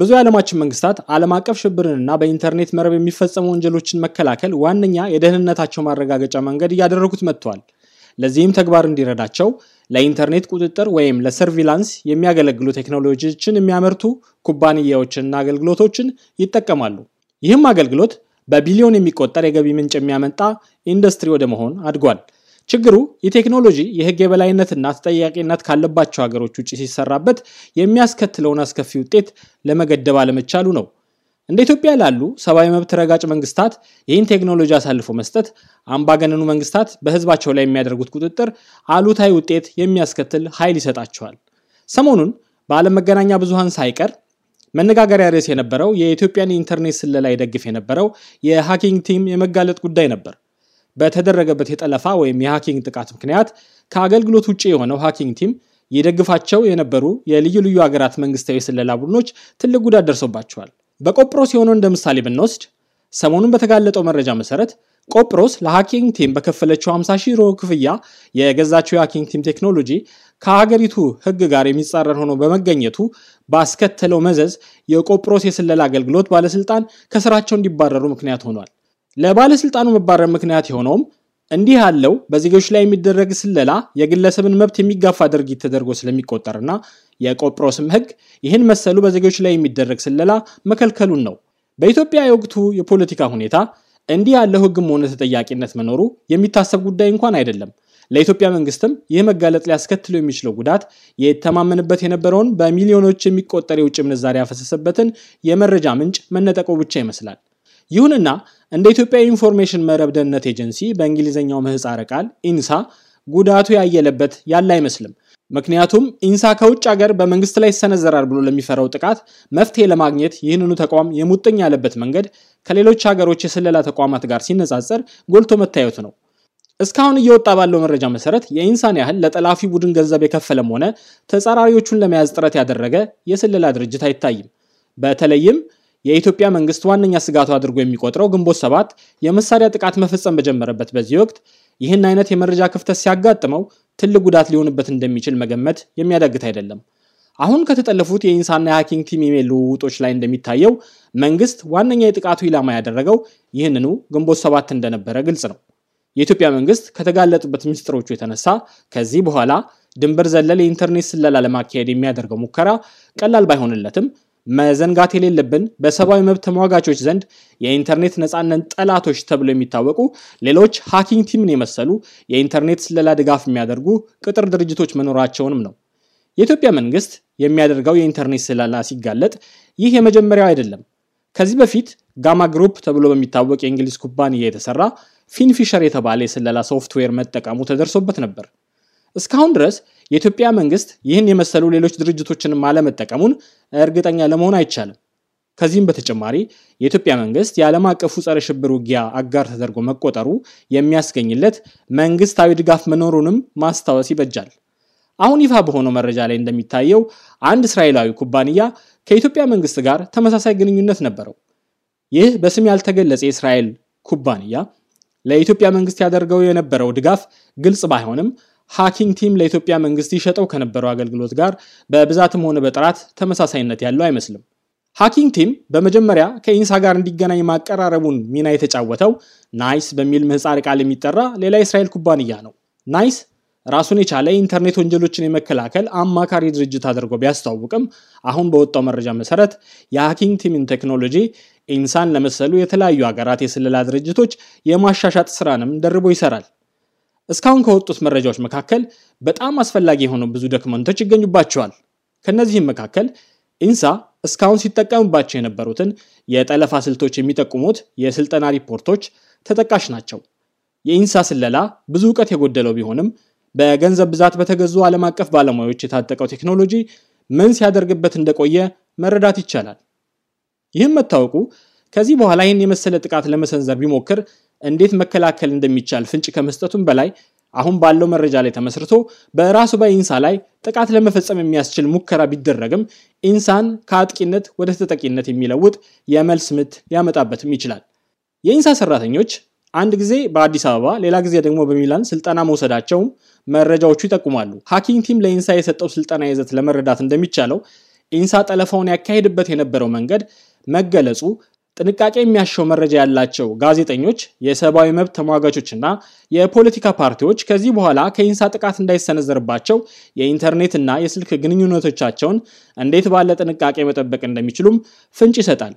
ብዙ የዓለማችን መንግስታት ዓለም አቀፍ ሽብርንና በኢንተርኔት መረብ የሚፈጸሙ ወንጀሎችን መከላከል ዋነኛ የደህንነታቸው ማረጋገጫ መንገድ እያደረጉት መጥቷል። ለዚህም ተግባር እንዲረዳቸው ለኢንተርኔት ቁጥጥር ወይም ለሰርቪላንስ የሚያገለግሉ ቴክኖሎጂዎችን የሚያመርቱ ኩባንያዎችንና አገልግሎቶችን ይጠቀማሉ። ይህም አገልግሎት በቢሊዮን የሚቆጠር የገቢ ምንጭ የሚያመጣ ኢንዱስትሪ ወደ መሆን አድጓል። ችግሩ የቴክኖሎጂ የህግ የበላይነትና ተጠያቂነት ካለባቸው ሀገሮች ውጭ ሲሰራበት የሚያስከትለውን አስከፊ ውጤት ለመገደብ አለመቻሉ ነው። እንደ ኢትዮጵያ ላሉ ሰብአዊ መብት ረጋጭ መንግስታት ይህን ቴክኖሎጂ አሳልፎ መስጠት አምባገነኑ መንግስታት በህዝባቸው ላይ የሚያደርጉት ቁጥጥር አሉታዊ ውጤት የሚያስከትል ኃይል ይሰጣቸዋል። ሰሞኑን በዓለም መገናኛ ብዙሃን ሳይቀር መነጋገሪያ ርዕስ የነበረው የኢትዮጵያን ኢንተርኔት ስለላ ይደግፍ የነበረው የሃኪንግ ቲም የመጋለጥ ጉዳይ ነበር። በተደረገበት የጠለፋ ወይም የሃኪንግ ጥቃት ምክንያት ከአገልግሎት ውጭ የሆነው ሃኪንግ ቲም የደግፋቸው የነበሩ የልዩ ልዩ ሀገራት መንግስታዊ የስለላ ቡድኖች ትልቅ ጉዳት ደርሶባቸዋል። በቆጵሮስ የሆነው እንደ ምሳሌ ብንወስድ ሰሞኑን በተጋለጠው መረጃ መሰረት ቆጵሮስ ለሃኪንግ ቲም በከፈለችው 50 ሺህ ክፍያ የገዛቸው የሃኪንግ ቲም ቴክኖሎጂ ከሀገሪቱ ሕግ ጋር የሚጻረር ሆኖ በመገኘቱ ባስከተለው መዘዝ የቆጵሮስ የስለላ አገልግሎት ባለስልጣን ከስራቸው እንዲባረሩ ምክንያት ሆኗል። ለባለስልጣኑ መባረር ምክንያት የሆነውም እንዲህ ያለው በዜጎች ላይ የሚደረግ ስለላ የግለሰብን መብት የሚጋፋ ድርጊት ተደርጎ ስለሚቆጠርና የቆጵሮስም ሕግ ይህን መሰሉ በዜጎች ላይ የሚደረግ ስለላ መከልከሉን ነው። በኢትዮጵያ የወቅቱ የፖለቲካ ሁኔታ እንዲህ ያለው ሕግም ሆነ ተጠያቂነት መኖሩ የሚታሰብ ጉዳይ እንኳን አይደለም። ለኢትዮጵያ መንግስትም ይህ መጋለጥ ሊያስከትለው የሚችለው ጉዳት የተማመንበት የነበረውን በሚሊዮኖች የሚቆጠር የውጭ ምንዛሪ ያፈሰሰበትን የመረጃ ምንጭ መነጠቀው ብቻ ይመስላል። ይሁንና እንደ ኢትዮጵያ የኢንፎርሜሽን መረብ ደህንነት ኤጀንሲ በእንግሊዝኛው ምህፃረ ቃል ኢንሳ ጉዳቱ ያየለበት ያለ አይመስልም። ምክንያቱም ኢንሳ ከውጭ ሀገር በመንግስት ላይ ይሰነዘራል ብሎ ለሚፈራው ጥቃት መፍትሄ ለማግኘት ይህንኑ ተቋም የሙጥኝ ያለበት መንገድ ከሌሎች ሀገሮች የስለላ ተቋማት ጋር ሲነጻጸር ጎልቶ መታየቱ ነው። እስካሁን እየወጣ ባለው መረጃ መሰረት የኢንሳን ያህል ለጠላፊ ቡድን ገንዘብ የከፈለም ሆነ ተጻራሪዎቹን ለመያዝ ጥረት ያደረገ የስለላ ድርጅት አይታይም። በተለይም የኢትዮጵያ መንግስት ዋነኛ ስጋቱ አድርጎ የሚቆጥረው ግንቦት ሰባት የመሳሪያ ጥቃት መፈጸም በጀመረበት በዚህ ወቅት ይህን አይነት የመረጃ ክፍተት ሲያጋጥመው ትልቅ ጉዳት ሊሆንበት እንደሚችል መገመት የሚያዳግት አይደለም። አሁን ከተጠለፉት የኢንሳና የሀኪንግ ቲም ኢሜል ልውውጦች ላይ እንደሚታየው መንግስት ዋነኛ የጥቃቱ ኢላማ ያደረገው ይህንኑ ግንቦት ሰባት እንደነበረ ግልጽ ነው። የኢትዮጵያ መንግስት ከተጋለጡበት ምስጢሮቹ የተነሳ ከዚህ በኋላ ድንበር ዘለል የኢንተርኔት ስለላ ለማካሄድ የሚያደርገው ሙከራ ቀላል ባይሆንለትም መዘንጋት የሌለብን በሰብአዊ መብት ተሟጋቾች ዘንድ የኢንተርኔት ነፃነት ጠላቶች ተብሎ የሚታወቁ ሌሎች ሃኪንግ ቲምን የመሰሉ የኢንተርኔት ስለላ ድጋፍ የሚያደርጉ ቅጥር ድርጅቶች መኖራቸውንም ነው። የኢትዮጵያ መንግስት የሚያደርገው የኢንተርኔት ስለላ ሲጋለጥ ይህ የመጀመሪያው አይደለም። ከዚህ በፊት ጋማ ግሩፕ ተብሎ በሚታወቅ የእንግሊዝ ኩባንያ የተሰራ ፊንፊሸር የተባለ የስለላ ሶፍትዌር መጠቀሙ ተደርሶበት ነበር። እስካሁን ድረስ የኢትዮጵያ መንግስት ይህን የመሰሉ ሌሎች ድርጅቶችንም አለመጠቀሙን እርግጠኛ ለመሆን አይቻልም። ከዚህም በተጨማሪ የኢትዮጵያ መንግስት የዓለም አቀፉ ጸረ ሽብር ውጊያ አጋር ተደርጎ መቆጠሩ የሚያስገኝለት መንግስታዊ ድጋፍ መኖሩንም ማስታወስ ይበጃል። አሁን ይፋ በሆነው መረጃ ላይ እንደሚታየው አንድ እስራኤላዊ ኩባንያ ከኢትዮጵያ መንግስት ጋር ተመሳሳይ ግንኙነት ነበረው። ይህ በስም ያልተገለጸ የእስራኤል ኩባንያ ለኢትዮጵያ መንግስት ያደርገው የነበረው ድጋፍ ግልጽ ባይሆንም ሃኪንግ ቲም ለኢትዮጵያ መንግስት ይሸጠው ከነበረው አገልግሎት ጋር በብዛትም ሆነ በጥራት ተመሳሳይነት ያለው አይመስልም። ሃኪንግ ቲም በመጀመሪያ ከኢንሳ ጋር እንዲገናኝ ማቀራረቡን ሚና የተጫወተው ናይስ በሚል ምህፃር ቃል የሚጠራ ሌላ የእስራኤል ኩባንያ ነው። ናይስ ራሱን የቻለ የኢንተርኔት ወንጀሎችን የመከላከል አማካሪ ድርጅት አድርጎ ቢያስተዋውቅም አሁን በወጣው መረጃ መሰረት የሃኪንግ ቲምን ቴክኖሎጂ ኢንሳን ለመሰሉ የተለያዩ ሀገራት የስለላ ድርጅቶች የማሻሻጥ ስራንም ደርቦ ይሰራል። እስካሁን ከወጡት መረጃዎች መካከል በጣም አስፈላጊ የሆኑ ብዙ ዶክመንቶች ይገኙባቸዋል። ከእነዚህም መካከል ኢንሳ እስካሁን ሲጠቀምባቸው የነበሩትን የጠለፋ ስልቶች የሚጠቁሙት የስልጠና ሪፖርቶች ተጠቃሽ ናቸው። የኢንሳ ስለላ ብዙ እውቀት የጎደለው ቢሆንም በገንዘብ ብዛት በተገዙ ዓለም አቀፍ ባለሙያዎች የታጠቀው ቴክኖሎጂ ምን ሲያደርግበት እንደቆየ መረዳት ይቻላል። ይህም መታወቁ ከዚህ በኋላ ይህን የመሰለ ጥቃት ለመሰንዘር ቢሞክር እንዴት መከላከል እንደሚቻል ፍንጭ ከመስጠቱም በላይ አሁን ባለው መረጃ ላይ ተመስርቶ በራሱ በኢንሳ ላይ ጥቃት ለመፈጸም የሚያስችል ሙከራ ቢደረግም ኢንሳን ከአጥቂነት ወደ ተጠቂነት የሚለውጥ የመልስ ምት ሊያመጣበትም ይችላል። የኢንሳ ሰራተኞች አንድ ጊዜ በአዲስ አበባ ሌላ ጊዜ ደግሞ በሚላን ስልጠና መውሰዳቸውም መረጃዎቹ ይጠቁማሉ። ሀኪንግ ቲም ለኢንሳ የሰጠው ስልጠና ይዘት ለመረዳት እንደሚቻለው ኢንሳ ጠለፋውን ያካሄድበት የነበረው መንገድ መገለጹ ጥንቃቄ የሚያሸው መረጃ ያላቸው ጋዜጠኞች፣ የሰብአዊ መብት ተሟጋቾች እና የፖለቲካ ፓርቲዎች ከዚህ በኋላ ከኢንሳ ጥቃት እንዳይሰነዘርባቸው የኢንተርኔት እና የስልክ ግንኙነቶቻቸውን እንዴት ባለ ጥንቃቄ መጠበቅ እንደሚችሉም ፍንጭ ይሰጣል።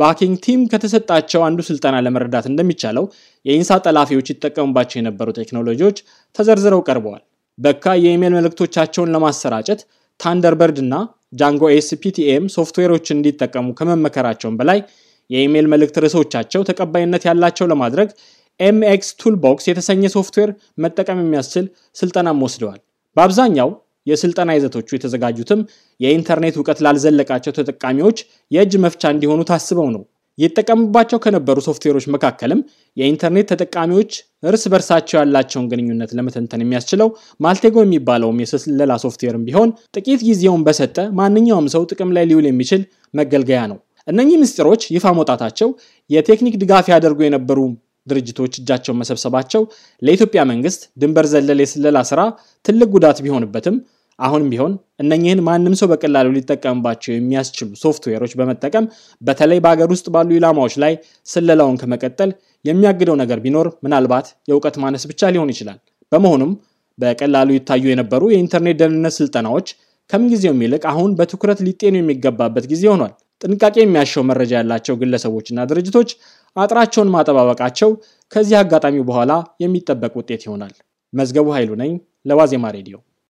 በሀኪንግ ቲም ከተሰጣቸው አንዱ ስልጠና ለመረዳት እንደሚቻለው የኢንሳ ጠላፊዎች ይጠቀሙባቸው የነበሩ ቴክኖሎጂዎች ተዘርዝረው ቀርበዋል። በካ የኢሜል መልእክቶቻቸውን ለማሰራጨት ታንደርበርድ እና ጃንጎ ኤስፒቲኤም ሶፍትዌሮችን እንዲጠቀሙ ከመመከራቸውን በላይ የኢሜይል መልእክት ርዕሶቻቸው ተቀባይነት ያላቸው ለማድረግ ኤምኤክስ ቱልቦክስ የተሰኘ ሶፍትዌር መጠቀም የሚያስችል ስልጠናም ወስደዋል። በአብዛኛው የስልጠና ይዘቶቹ የተዘጋጁትም የኢንተርኔት እውቀት ላልዘለቃቸው ተጠቃሚዎች የእጅ መፍቻ እንዲሆኑ ታስበው ነው። ይጠቀሙባቸው ከነበሩ ሶፍትዌሮች መካከልም የኢንተርኔት ተጠቃሚዎች እርስ በርሳቸው ያላቸውን ግንኙነት ለመተንተን የሚያስችለው ማልቴጎ የሚባለውም የስለላ ሶፍትዌርም ቢሆን ጥቂት ጊዜውን በሰጠ ማንኛውም ሰው ጥቅም ላይ ሊውል የሚችል መገልገያ ነው። እነኚህ ምስጢሮች ይፋ መውጣታቸው የቴክኒክ ድጋፍ ያደርጉ የነበሩ ድርጅቶች እጃቸውን መሰብሰባቸው ለኢትዮጵያ መንግስት ድንበር ዘለል የስለላ ስራ ትልቅ ጉዳት ቢሆንበትም አሁንም ቢሆን እነኚህን ማንም ሰው በቀላሉ ሊጠቀምባቸው የሚያስችሉ ሶፍትዌሮች በመጠቀም በተለይ በሀገር ውስጥ ባሉ ኢላማዎች ላይ ስለላውን ከመቀጠል የሚያግደው ነገር ቢኖር ምናልባት የእውቀት ማነስ ብቻ ሊሆን ይችላል። በመሆኑም በቀላሉ ይታዩ የነበሩ የኢንተርኔት ደህንነት ስልጠናዎች ከምንጊዜውም ይልቅ አሁን በትኩረት ሊጤኑ የሚገባበት ጊዜ ሆኗል። ጥንቃቄ የሚያሻው መረጃ ያላቸው ግለሰቦችና ድርጅቶች አጥራቸውን ማጠባበቃቸው ከዚህ አጋጣሚ በኋላ የሚጠበቅ ውጤት ይሆናል። መዝገቡ ኃይሉ ነኝ ለዋዜማ ሬዲዮ።